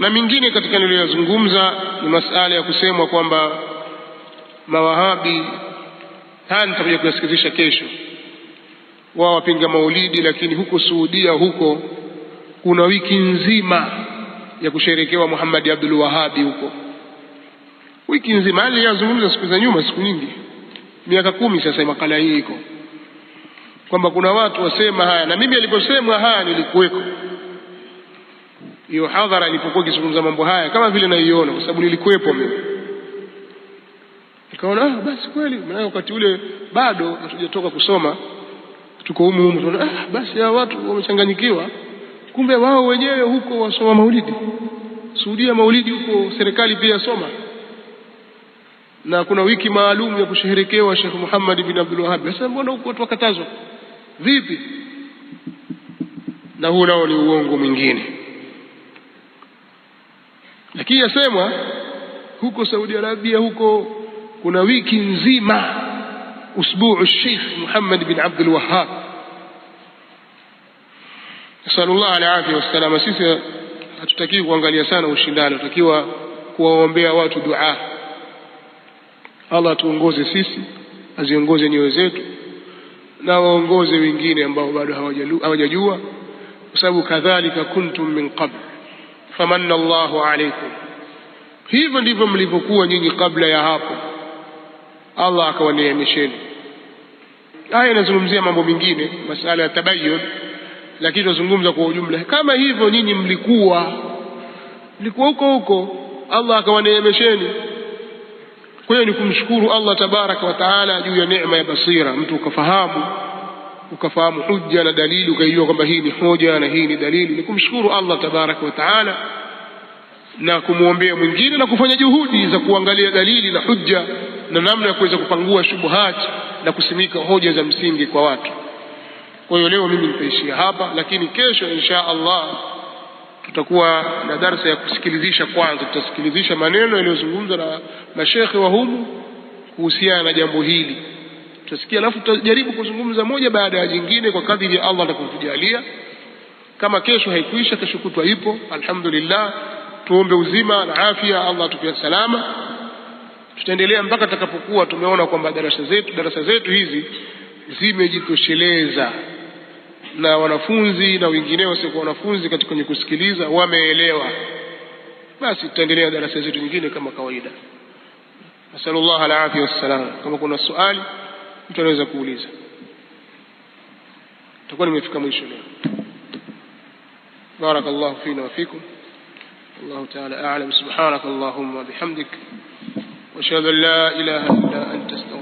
Na mingine katika niliyozungumza ni masala ya kusemwa kwamba mawahabi, haya nitakuja kuyasikitisha kesho, wao wapinga maulidi, lakini huko Suudia huko kuna wiki nzima ya kusherekewa muhammadi Abdul Wahabi huko wiki nzima. Aliyazungumza siku za nyuma, siku nyingi, miaka kumi sasa, makala hii iko kwamba kuna watu wasema haya, na mimi aliposemwa haya nilikuweko hiyo hadhara ilipokuwa ikizungumza mambo haya, kama vile naiona, kwa sababu nilikuwepo mimi. Nikaona ah, basi kweli, maana wakati ule bado hatujatoka kusoma, tuko humu humu, tunaona ah, basi hawa watu wamechanganyikiwa, kumbe wao wenyewe huko wasoma maulidi Suudia maulidi huko, serikali pia yasoma, na kuna wiki maalum ya kusheherekewa Sheikh Muhammad bin Abdul Wahhab. Sasa mbona huko watu wakatazwa vipi? Na huu nao ni uongo mwingine. Lakini yasemwa huko Saudi Arabia huko kuna wiki nzima usbuu Sheikh Muhammad bin Abdul Wahhab, nasalullah alafia wassalama. Sisi hatutakiwi kuangalia sana ushindani, tutakiwa kuwaombea watu dua. Allah atuongoze sisi, aziongoze nyoyo zetu na waongoze wengine ambao bado hawajajua, kwa sababu kadhalika kuntum min qabl famanna Allahu alaikum, hivyo ndivyo mlivyokuwa nyinyi kabla ya hapo, Allah akawaneemesheni. Aya inazungumzia mambo mengine, masala ya tabayun, lakini tunazungumza kwa ujumla. Kama hivyo nyinyi mlikuwa mlikuwa huko huko, Allah akawaneemesheni. Kwa hiyo ni kumshukuru Allah tabaraka wa taala juu ya neema ya basira, mtu ukafahamu ukafahamu hujja na dalili, ukaijua kwamba hii ni hoja na hii ni dalili, ni kumshukuru Allah tabaraka wa taala na kumwombea mwingine na kufanya juhudi za kuangalia dalili na hujja na namna ya kuweza kupangua shubuhati na kusimika hoja za msingi kwa watu. Kwa hiyo leo mimi nitaishia hapa, lakini kesho insha Allah tutakuwa na darsa ya kusikilizisha. Kwanza tutasikilizisha maneno yaliyozungumzwa na mashekhe wa humu kuhusiana na jambo hili tutasikia, alafu tutajaribu kuzungumza moja baada ya jingine kwa kadiri ya Allah atakapotujalia. Kama kesho haikuisha, kesho kutwa ipo. Alhamdulillah, tuombe uzima na afya, Allah atupia salama. Tutaendelea mpaka tutakapokuwa tumeona kwamba darasa zetu darasa zetu hizi zimejitosheleza na wanafunzi na wengineo wasiokuwa wanafunzi katika kwenye kusikiliza wameelewa, basi tutaendelea darasa zetu nyingine kama kawaida. Nasallallahu alafia wassalam. Kama kuna swali mtu anaweza kuuliza tutakuwa nimefika mwisho leo بارك الله فينا وفيكم الله تعالى أعلم سبحانك اللهم وبحمدك وأشهد أن لا إله إلا أنت استغفرك